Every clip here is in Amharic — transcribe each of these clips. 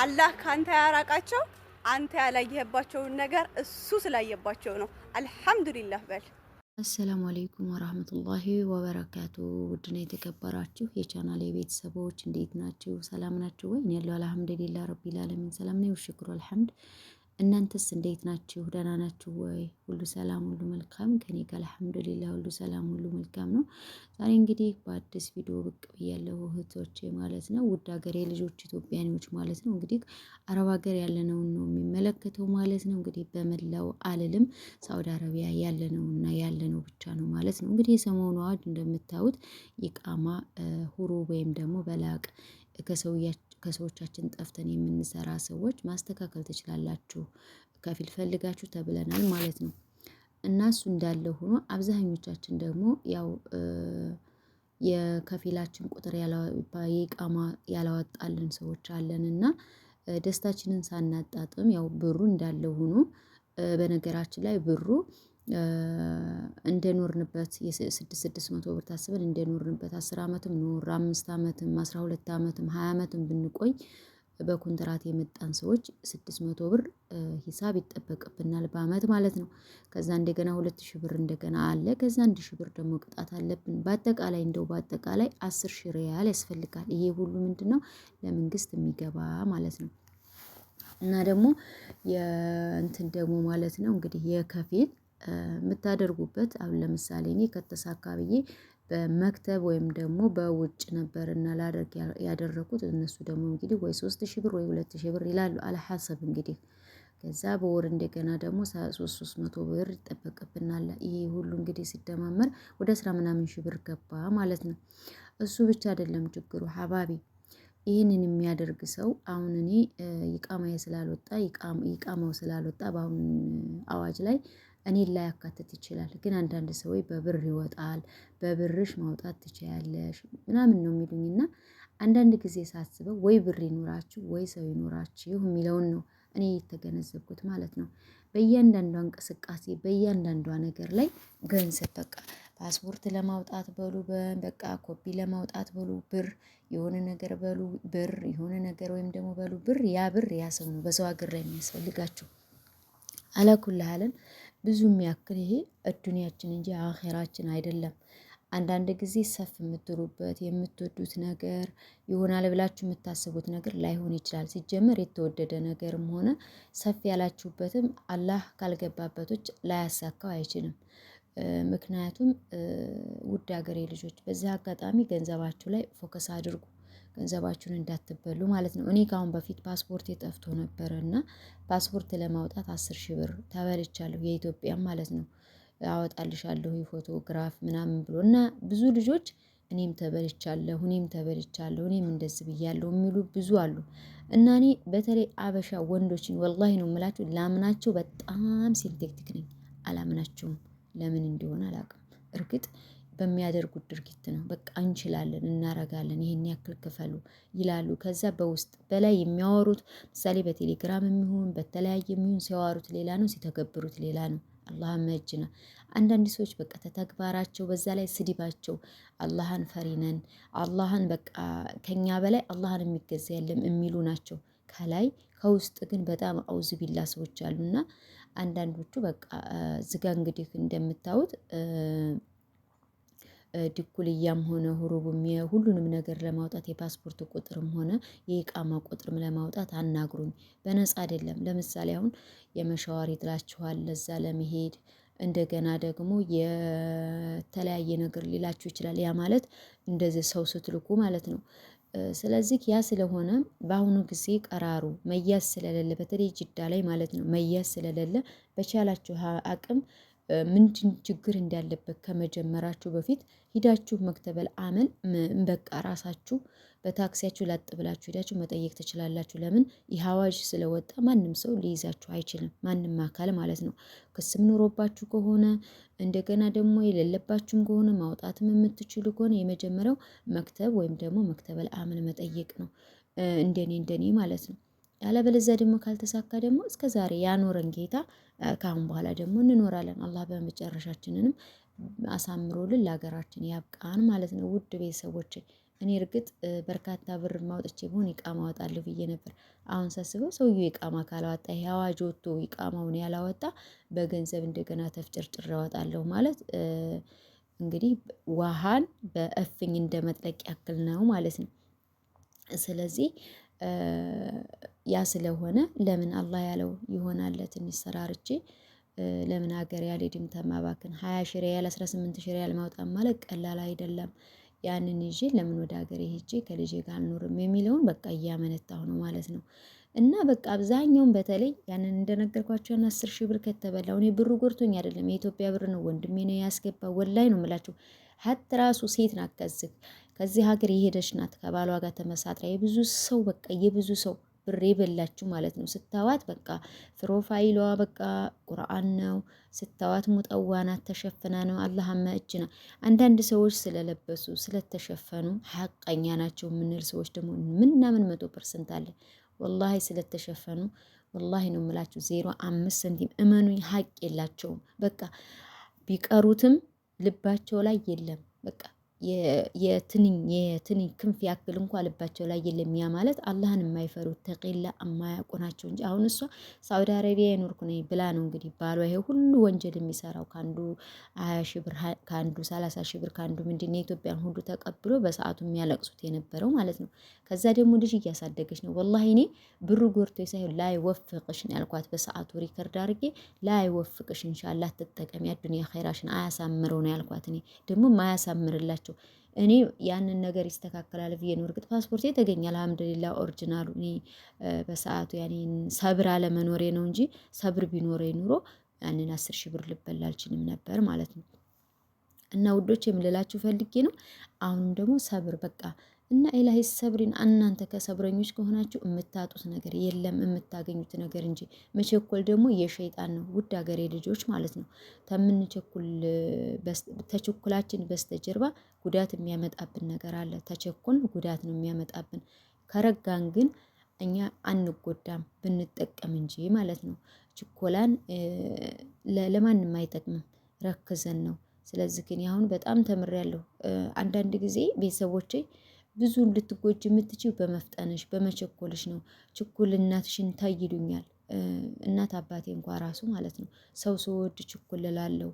አላህ ካንተ ያራቃቸው አንተ ያላየህባቸውን ነገር እሱ ስላየባቸው ነው። አልሐምዱሊላህ በል። አሰላሙ አለይኩም ወራህመቱላሂ ወበረካቱ። ውድና የተከበራችሁ የቻናል የቤተሰቦች እንዴት ናችሁ? ሰላም ናችሁ ወይ? እኔ ያለው አልሐምዱሊላህ ረቢል ዓለሚን ሰላም ነው። ሽክሩ አልሐምድ እናንተስ እንዴት ናችሁ? ደህና ናችሁ ወይ? ሁሉ ሰላም፣ ሁሉ መልካም ከኔ ጋር አልሐምዱሊላህ ሁሉ ሰላም፣ ሁሉ መልካም ነው። ዛሬ እንግዲህ በአዲስ ቪዲዮ ብቅ ብያለሁ እህቶቼ ማለት ነው። ውድ ሀገሬ ልጆች ኢትዮጵያኖች ማለት ነው። እንግዲህ አረብ ሀገር ያለነውን ነው የሚመለከተው ማለት ነው። እንግዲህ በመላው አልልም ሳውዲ አረቢያ ያለነውና ያለነው ብቻ ነው ማለት ነው። እንግዲህ የሰሞኑ አዋጅ እንደምታዩት ኢቃማ ሁሩ ወይም ደግሞ በላቅ ከሰውያቸው ከሰዎቻችን ጠፍተን የምንሰራ ሰዎች ማስተካከል ትችላላችሁ ከፊል ፈልጋችሁ ተብለናል ማለት ነው። እና እሱ እንዳለ ሆኖ አብዛኞቻችን ደግሞ ያው የከፊላችን ቁጥር የቃማ ያላወጣልን ሰዎች አለን እና ደስታችንን ሳናጣጥም ያው ብሩ እንዳለ ሆኖ በነገራችን ላይ ብሩ እንደኖርንበት ኖርንበት ስድስት መቶ ብር ታስበን እንደኖርንበት አስር አመትም ኖር አምስት አመትም አስራ ሁለት አመትም ሀያ አመትም ብንቆይ በኮንትራት የመጣን ሰዎች ስድስት መቶ ብር ሂሳብ ይጠበቅብናል በአመት ማለት ነው። ከዛ እንደገና ሁለት ሺህ ብር እንደገና አለ ከዛ አንድ ብር ደግሞ ቅጣት አለብን በአጠቃላይ እንደው በአጠቃላይ አስር ሺህ ሪያል ያስፈልጋል ይሄ ሁሉ ምንድነው ለመንግስት የሚገባ ማለት ነው። እና ደግሞ የእንትን ደግሞ ማለት ነው እንግዲህ የከፊል የምታደርጉበት አሁን ለምሳሌ እኔ ከተሳካ ብዬ በመክተብ ወይም ደግሞ በውጭ ነበርና ላደርግ ያደረኩት እነሱ ደግሞ እንግዲህ ወይ ሶስት ሺ ብር ወይ ሁለት ሺ ብር ይላሉ አልሐሰብ እንግዲህ ከዛ በወር እንደገና ደግሞ ሶስት ሶስት መቶ ብር ይጠበቅብናል። ይሄ ሁሉ እንግዲህ ሲደማመር ወደ አስራ ምናምን ሺ ብር ገባ ማለት ነው። እሱ ብቻ አይደለም ችግሩ ሀባቢ ይህንን የሚያደርግ ሰው አሁን እኔ ይቃማዬ ስላልወጣ ይቃማው ስላልወጣ በአሁን አዋጅ ላይ እኔ ላይ ያካትት ይችላል። ግን አንዳንድ ሰዎች በብር ይወጣል በብርሽ ማውጣት ትችያለሽ ምናምን ነው የሚሉኝ እና አንዳንድ ጊዜ ሳስበው ወይ ብር ይኖራችሁ ወይ ሰው ይኖራችሁ የሚለውን ነው እኔ የተገነዘብኩት ማለት ነው። በእያንዳንዷ እንቅስቃሴ በእያንዳንዷ ነገር ላይ ገንዘብ በቃ ፓስፖርት ለማውጣት በሉ በቃ ኮፒ ለማውጣት በሉ ብር የሆነ ነገር በሉ ብር የሆነ ነገር ወይም ደግሞ በሉ ብር ያ ብር ያ ሰው ነው በሰው ሀገር ላይ የሚያስፈልጋችሁ። አላኩል አለም ብዙ የሚያክል ይሄ እዱንያችን እንጂ አኼራችን አይደለም። አንዳንድ ጊዜ ሰፍ የምትሉበት የምትወዱት ነገር ይሆናል ብላችሁ የምታስቡት ነገር ላይሆን ይችላል። ሲጀመር የተወደደ ነገርም ሆነ ሰፍ ያላችሁበትም አላህ ካልገባበቶች ላያሳካው አይችልም። ምክንያቱም ውድ ሀገሬ ልጆች በዚህ አጋጣሚ ገንዘባችሁ ላይ ፎከስ አድርጉ። ገንዘባችሁን እንዳትበሉ ማለት ነው። እኔ ከአሁን በፊት ፓስፖርት የጠፍቶ ነበረ እና ፓስፖርት ለማውጣት አስር ሺህ ብር ተበልቻለሁ የኢትዮጵያ ማለት ነው። አወጣልሻለሁ ፎቶግራፍ ምናምን ብሎ እና ብዙ ልጆች እኔም ተበልቻለሁ እኔም ተበልቻለሁ እኔም እንደዚህ ብያለሁ የሚሉ ብዙ አሉ። እና እኔ በተለይ አበሻ ወንዶችን ወላሂ ነው የምላችሁ ላምናቸው በጣም ሴሌክቲቭ ነኝ አላምናቸውም። ለምን እንደሆነ አላውቅም። እርግጥ በሚያደርጉት ድርጊት ነው። በቃ እንችላለን እናረጋለን ይሄን ያክል ክፈሉ ይላሉ። ከዛ በውስጥ በላይ የሚያወሩት ምሳሌ በቴሌግራም የሚሆን በተለያየ ይሁን ሲያወሩት ሌላ ነው ሲተገብሩት ሌላ ነው። አላህ መጅና አንዳንድ ሰዎች በቃ ተተግባራቸው በዛ ላይ ስድባቸው አላህን ፈሪነን አላህን በቃ ከኛ በላይ አላህን የሚገዛ የለም የሚሉ ናቸው። ከላይ ከውስጥ ግን በጣም አውዝ ቢላ ሰዎች አሉና አንዳንዶቹ በቃ ዝጋ እንግዲህ እንደምታዩት ድኩልያም ሆነ ሁሩቡም ሁሉንም ነገር ለማውጣት የፓስፖርት ቁጥርም ሆነ የኢቃማ ቁጥርም ለማውጣት አናግሩኝ። በነጻ አይደለም። ለምሳሌ አሁን የመሻዋሪ ይጥላችኋል ለዛ ለመሄድ እንደገና ደግሞ የተለያየ ነገር ሊላችሁ ይችላል። ያ ማለት እንደዚህ ሰው ስትልኩ ማለት ነው። ስለዚህ ያ ስለሆነ በአሁኑ ጊዜ ቀራሩ መያዝ ስለሌለ በተለይ ጅዳ ላይ ማለት ነው መያዝ ስለሌለ በቻላችሁ አቅም ምንድን ችግር እንዳለበት ከመጀመራችሁ በፊት ሂዳችሁ መክተበል አመል በቃ ራሳችሁ በታክሲያችሁ ላጥ ብላችሁ ሂዳችሁ መጠየቅ ትችላላችሁ። ለምን ይህ አዋጅ ስለወጣ ማንም ሰው ሊይዛችሁ አይችልም፣ ማንም አካል ማለት ነው። ክስም ኑሮባችሁ ከሆነ እንደገና ደግሞ የሌለባችሁም ከሆነ ማውጣትም የምትችሉ ከሆነ የመጀመሪያው መክተብ ወይም ደግሞ መክተበል አመል መጠየቅ ነው። እንደኔ እንደኔ ማለት ነው። ያለበለዚያ ደግሞ ካልተሳካ ደግሞ እስከ ዛሬ ያኖረን ጌታ ከአሁን በኋላ ደግሞ እንኖራለን። አላህ በመጨረሻችንንም አሳምሮልን ለሀገራችን ያብቃን ማለት ነው። ውድ ቤተሰቦች እኔ እርግጥ በርካታ ብር ማውጥቼ ቢሆን ይቃማ አወጣለሁ ብዬ ነበር። አሁን ሳስበው ሰውዬው ይቃማ ካላወጣ ይሄ አዋጅ ወጥቶ ይቃማውን ያላወጣ በገንዘብ እንደገና ተፍጭርጭር አወጣለሁ ማለት እንግዲህ ውሃን በእፍኝ እንደ መጥለቅ ያክል ነው ማለት ነው። ስለዚህ ያ ስለሆነ ለምን አላህ ያለው ይሆናል። ለትንሽ ስራ ለምን ሀገር አልሄድም? ተማባክን ሀያ ሺህ ሪያል አስራ ስምንት ሺህ ሪያል ማውጣት ማለት ቀላል አይደለም። ያንን ይዤ ለምን ወደ ሀገር ሄጄ ከልጄ ጋር አልኖርም የሚለውን በቃ እያመነታሁ ነው ማለት ነው። እና በቃ አብዛኛውን በተለይ ያንን እንደነገርኳቸውን አስር ሺ ብር ከተበላው እኔ ብሩ ጎርቶኝ አይደለም የኢትዮጵያ ብር ነው ወንድሜ ነው ያስገባ ወላይ ነው ምላቸው። ሀት ራሱ ሴት ናት ከዚህ ከዚህ ሀገር የሄደች ናት ከባሏ ጋር ተመሳጥራ የብዙ ሰው በቃ የብዙ ሰው ብሬ በላችሁ ማለት ነው። ስታዋት በቃ ፕሮፋይሏ በቃ ቁርአን ነው። ስታዋት ሙጠዋናት ተሸፍና ነው። እጅ እጅና አንዳንድ ሰዎች ስለለበሱ ስለተሸፈኑ ሀቀኛ ናቸው የምንል ሰዎች ደግሞ ምናምን መቶ ፐርሰንት አለ። ወላሂ ስለተሸፈኑ ወላሂ ነው የምላችሁ ዜሮ አምስት ሰንቲም እመኑኝ፣ ሀቅ የላቸውም። በቃ ቢቀሩትም ልባቸው ላይ የለም በቃ የትንኝ የትንኝ ክንፍ ያክል እንኳ ልባቸው ላይ የለም። ያ ማለት አላህን የማይፈሩ ተቂላ የማያውቁ ናቸው እንጂ አሁን እሷ ሳውዲ አረቢያ የኖርኩ ነኝ ብላ ነው እንግዲህ ባሏ ይሄ ሁሉ ወንጀል የሚሰራው ከአንዱ ሀያ ሺ ብር ከአንዱ ሰላሳ ሺ ብር ከአንዱ ምንድን የኢትዮጵያን ሁሉ ተቀብሎ በሰዓቱ የሚያለቅሱት የነበረው ማለት ነው። ከዛ ደግሞ ልጅ እያሳደገች ነው። ወላሂ እኔ ብሩ ጎርቶ ሳይሆን ላይ ወፍቅሽ ነው ያልኳት በሰዓቱ ሪከርድ አድርጌ ላይ ወፍቅሽ፣ እንሻላ ትጠቀሚ፣ አዱኒያ ኸይራሽን አያሳምረው ነው ያልኳት። እኔ ደግሞ ማያሳምርላቸው ናቸው። እኔ ያንን ነገር ይስተካከላል ብዬ ነው። እርግጥ ፓስፖርቴ ተገኛል አልሐምዱሊላ ኦሪጂናሉ። እኔ በሰዓቱ ያኔ ሰብር አለመኖሬ ነው እንጂ ሰብር ቢኖረ ኑሮ ያንን አስር ሺህ ብር ልበላ አልችልም ነበር ማለት ነው። እና ውዶች የምልላችሁ ፈልጌ ነው። አሁንም ደግሞ ሰብር በቃ እና ኢላሂ ሰብሪን እናንተ ከሰብረኞች ከሆናችሁ የምታጡት ነገር የለም የምታገኙት ነገር እንጂ። መቸኮል ደግሞ የሸይጣን ነው። ውድ ሀገሬ ልጆች ማለት ነው። ከምንቸኩል ተቸኩላችን በስተጀርባ ጉዳት የሚያመጣብን ነገር አለ። ተቸኮል ጉዳት ነው የሚያመጣብን። ከረጋን ግን እኛ አንጎዳም ብንጠቀም እንጂ ማለት ነው። ችኮላን ለማንም አይጠቅምም፣ ረክዘን ነው። ስለዚህ ግን አሁን በጣም ተምሬያለሁ። አንዳንድ ጊዜ ቤተሰቦቼ ብዙ ልትጎጅ የምትችው በመፍጠንሽ በመቸኮልሽ ነው። ችኩልናትሽን ታይ እናት አባቴ እንኳ ራሱ ማለት ነው። ሰው ስወድ ችኩል እላለሁ።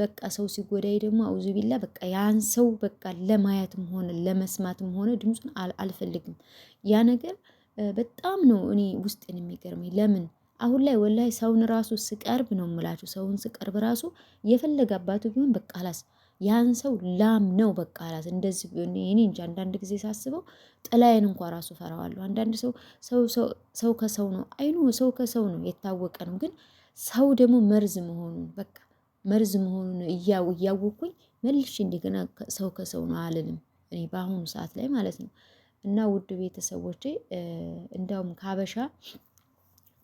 በቃ ሰው ሲጎዳይ ደግሞ አውዙ ቢላ በቃ ያን ሰው በቃ ለማየትም ሆነ ለመስማትም ሆነ ድምፁን አልፈልግም። ያ ነገር በጣም ነው እኔ ውስጤን የሚገርመኝ። ለምን አሁን ላይ ወላሂ ሰውን ራሱ ስቀርብ ነው የምላችሁ። ሰውን ስቀርብ ራሱ የፈለገ አባቱ ቢሆን በቃ ላስ ያን ሰው ላም ነው በቃ ራስ እንደዚህ እኔ እንጂ አንዳንድ ጊዜ ሳስበው ጥላዬን እንኳ ራሱ ፈራዋለሁ። አንዳንድ ሰው ሰው ከሰው ነው አይኑ ሰው ከሰው ነው የታወቀ ነው። ግን ሰው ደግሞ መርዝ መሆኑን በቃ መርዝ መሆኑን እያወቅኩኝ መልሽ እንደገና ሰው ከሰው ነው አልልም እኔ በአሁኑ ሰዓት ላይ ማለት ነው። እና ውድ ቤተሰቦቼ እንዳውም ከሀበሻ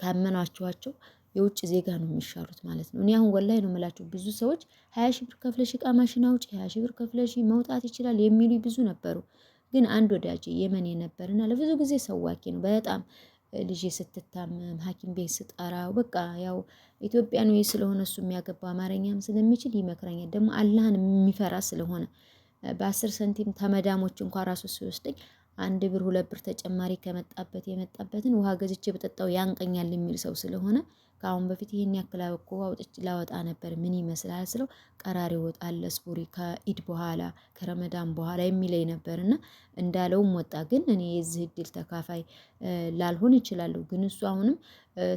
ካመናችኋቸው የውጭ ዜጋ ነው የሚሻሉት ማለት ነው። እኔ አሁን ወላይ ነው የምላቸው ብዙ ሰዎች ሀያ ሺህ ብር ከፍለሽ እቃ ማሽን አውጪ፣ ሀያ ሺህ ብር ከፍለሽ መውጣት ይችላል የሚሉ ብዙ ነበሩ። ግን አንድ ወዳጅ የመን የነበርና ለብዙ ጊዜ ሰዋኪ ነው በጣም ልጅ ስትታመም ሐኪም ቤት ስጠራው በቃ ያው ኢትዮጵያዊ ስለሆነ እሱ የሚያገባው አማርኛም ስለሚችል ይመክረኛል። ደግሞ አላህን የሚፈራ ስለሆነ በአስር ሰንቲም ተመዳሞች እንኳ ራሱ ሲወስደኝ አንድ ብር ሁለት ብር ተጨማሪ ከመጣበት የመጣበትን ውሃ ገዝቼ በጠጣው ያንቀኛል የሚል ሰው ስለሆነ ከአሁን በፊት ይህን ያክል እኮ አውጥቼ ላወጣ ነበር ምን ይመስላል ስለው ቀራሪ ወጥ አለ ስቡሪ ከኢድ በኋላ ከረመዳን በኋላ የሚለኝ ነበር። እንዳለውም ወጣ። ግን እኔ የዚህ እድል ተካፋይ ላልሆን ይችላለሁ። ግን እሱ አሁንም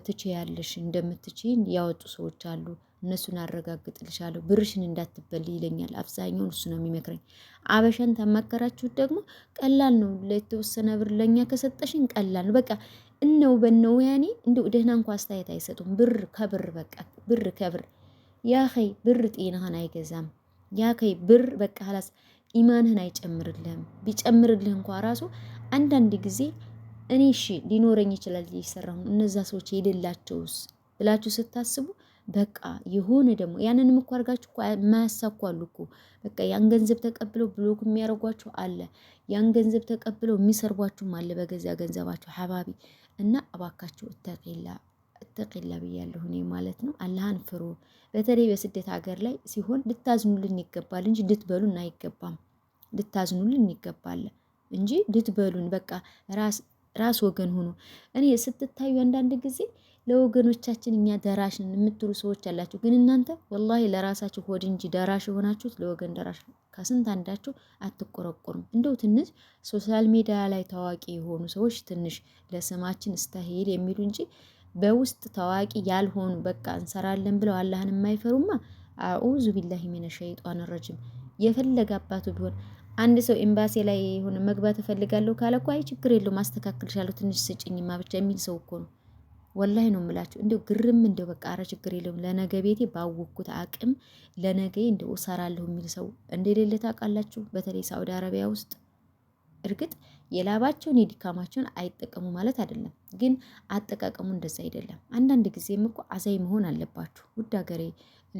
ትቼ ያለሽ እንደምትቼ ያወጡ ሰዎች አሉ እነሱን አረጋግጥልሻለሁ ብርሽን እንዳትበል ይለኛል። አብዛኛውን እሱ ነው የሚመክረኝ። አበሻን ተመከራችሁት ደግሞ ቀላል ነው። ለተወሰነ ብር ለእኛ ከሰጠሽን ቀላል ነው። በቃ እነው በነው ያኔ እንደው ደህና እንኳ አስተያየት አይሰጡም። ብር ከብር በቃ ብር ከብር ያኸይ ብር ጤናህን አይገዛም። ያኸይ ብር በቃ ሀላስ ኢማንህን አይጨምርልህም። ቢጨምርልህ እንኳ ራሱ አንዳንድ ጊዜ እኔ እሺ ሊኖረኝ ይችላል እየሰራሁ እነዛ ሰዎች የሌላቸውስ ብላችሁ ስታስቡ በቃ የሆነ ደግሞ ያንንም እኮ አድርጋችሁ እኮ የማያሳኩ እኮ በቃ ያን ገንዘብ ተቀብለው ብሎክ የሚያደርጓችሁ አለ። ያን ገንዘብ ተቀብለው የሚሰርቧችሁም አለ በገዛ ገንዘባችሁ ሀባቢ እና እባካችሁ እተቂላ እተቂላ ብያለሁ እኔ ማለት ነው። አላህን ፍሩ። በተለይ በስደት ሀገር ላይ ሲሆን ልታዝኑልን ይገባል እንጂ ልትበሉን አይገባም። ልታዝኑልን ይገባል እንጂ ልትበሉን በቃ ራስ ራስ ወገን ሆኖ እኔ ስትታዩ አንዳንድ ጊዜ ለወገኖቻችን እኛ ደራሽ ነን የምትሉ ሰዎች አላችሁ። ግን እናንተ ወላሂ ለራሳችሁ ሆድ እንጂ ደራሽ የሆናችሁት ለወገን ደራሽ ነው። ከስንት አንዳችሁ አትቆረቆሩም። እንደው ትንሽ ሶሻል ሚዲያ ላይ ታዋቂ የሆኑ ሰዎች ትንሽ ለስማችን ስታሄል የሚሉ እንጂ በውስጥ ታዋቂ ያልሆኑ በቃ እንሰራለን ብለው አላህን የማይፈሩማ አዑዙ ቢላሂ ሚነ ሸይጧን ረጅም የፈለገ አባቱ ቢሆን አንድ ሰው ኤምባሲ ላይ የሆነ መግባት እፈልጋለሁ ካለ እኮ አይ ችግር የለውም አስተካክልሻለሁ ትንሽ ስጭኝማ ብቻ የሚል ሰው እኮ ነው። ወላሂ ነው የምላችሁ። እንደው ግርም እንደ በቃ አረ ችግር የለውም ለነገ ቤቴ ባወቅኩት አቅም ለነገ እንደው እሰራለሁ የሚል ሰው እንደሌለ ታውቃላችሁ። በተለይ ሳውዲ አረቢያ ውስጥ እርግጥ የላባቸውን የድካማቸውን አይጠቀሙ ማለት አይደለም፣ ግን አጠቃቀሙ እንደዛ አይደለም። አንዳንድ ጊዜም እኮ አዛይ መሆን አለባችሁ ውድ ሀገሬ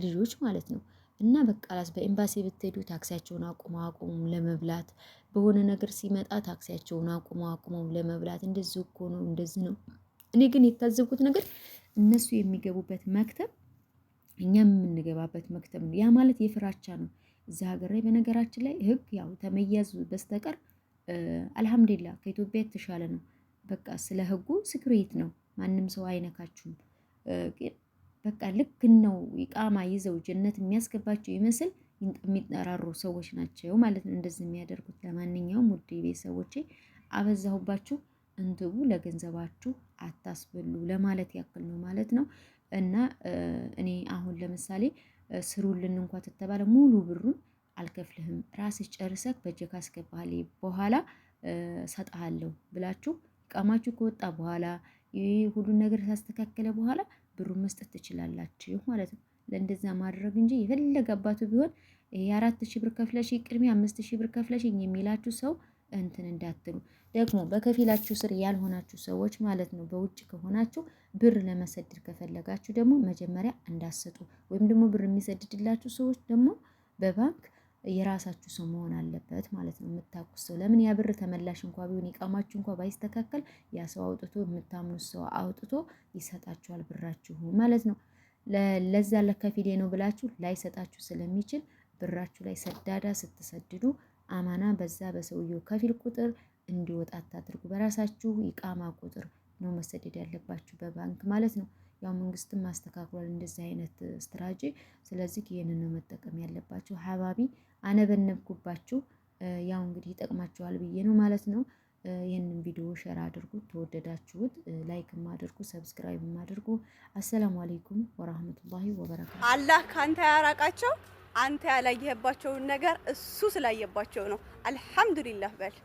ልጆች ማለት ነው። እና በቃላስ በኤምባሲ ብትሄዱ ታክሲያቸውን አቁመው አቁመው ለመብላት በሆነ ነገር ሲመጣ ታክሲያቸውን አቁመው አቁመው ለመብላት እንደዚህ እኮ ነው እንደዚህ ነው እኔ ግን የታዘብኩት ነገር እነሱ የሚገቡበት መክተብ እኛም የምንገባበት መክተብ ነው። ያ ማለት የፍራቻ ነው። እዚ ሀገር ላይ በነገራችን ላይ ህግ ያው ተመያዝ በስተቀር አልሐምዱላ ከኢትዮጵያ የተሻለ ነው። በቃ ስለ ህጉ ስክሬት ነው። ማንም ሰው አይነካችሁም። በቃ ልክ ነው። ቃማ ይዘው ጀነት የሚያስገባቸው ይመስል የሚጠራሩ ሰዎች ናቸው ማለት ነው እንደዚህ የሚያደርጉት። ለማንኛውም ውድ ቤተሰቦቼ አበዛሁባችሁ። እንትቡ ለገንዘባችሁ አታስበሉ ለማለት ያክል ነው ማለት ነው። እና እኔ አሁን ለምሳሌ ስሩልን እንኳ ትተባለ ሙሉ ብሩን አልከፍልህም ራስ ጨርሰክ በእጅህ ካስገባህልኝ በኋላ ሰጠሃለሁ ብላችሁ ቀማችሁ ከወጣ በኋላ ሁሉን ነገር ካስተካከለ በኋላ ብሩን መስጠት ትችላላችሁ ማለት ነው። ለእንደዛ ማድረግ እንጂ የፈለገ አባቱ ቢሆን ይሄ አራት ሺህ ብር ከፍለሽ ቅድሚያ አምስት ሺህ ብር ከፍለሽ የሚላችሁ ሰው እንትን እንዳትሉ ደግሞ በከፊላችሁ ስር ያልሆናችሁ ሰዎች ማለት ነው። በውጭ ከሆናችሁ ብር ለመሰደድ ከፈለጋችሁ ደግሞ መጀመሪያ እንዳሰጡ ወይም ደግሞ ብር የሚሰድድላችሁ ሰዎች ደግሞ በባንክ የራሳችሁ ሰው መሆን አለበት ማለት ነው። የምታውቁት ሰው ለምን ያ ብር ተመላሽ እንኳ ቢሆን ይቃማችሁ እንኳ ባይስተካከል ያ ሰው አውጥቶ የምታምኑት ሰው አውጥቶ ይሰጣችኋል ብራችሁ ማለት ነው። ለዛ ለከፊሌ ነው ብላችሁ ላይሰጣችሁ ስለሚችል ብራችሁ ላይ ሰዳዳ ስትሰድዱ አማና በዛ በሰውየው ከፊል ቁጥር እንዲወጣ አታድርጉ። በራሳችሁ የቃማ ቁጥር ነው መሰደድ ያለባችሁ በባንክ ማለት ነው። ያው መንግስትም ማስተካክሏል እንደዚህ አይነት ስትራጂ። ስለዚህ ይህንን ነው መጠቀም ያለባችሁ። ሀባቢ አነበነብኩባችሁ። ያው እንግዲህ ይጠቅማችኋል ብዬ ነው ማለት ነው። ይህንን ቪዲዮ ሸር አድርጉ ተወደዳችሁት ላይክም ማድርጉ፣ ሰብስክራይብም አድርጉ። አሰላሙ አሌይኩም ወራህመቱላሂ ወበረካቱ። አላህ ካንተ ያራቃቸው አንተ ያላየህባቸውን ነገር እሱ ስላየባቸው ነው። አልሐምዱሊላህ በል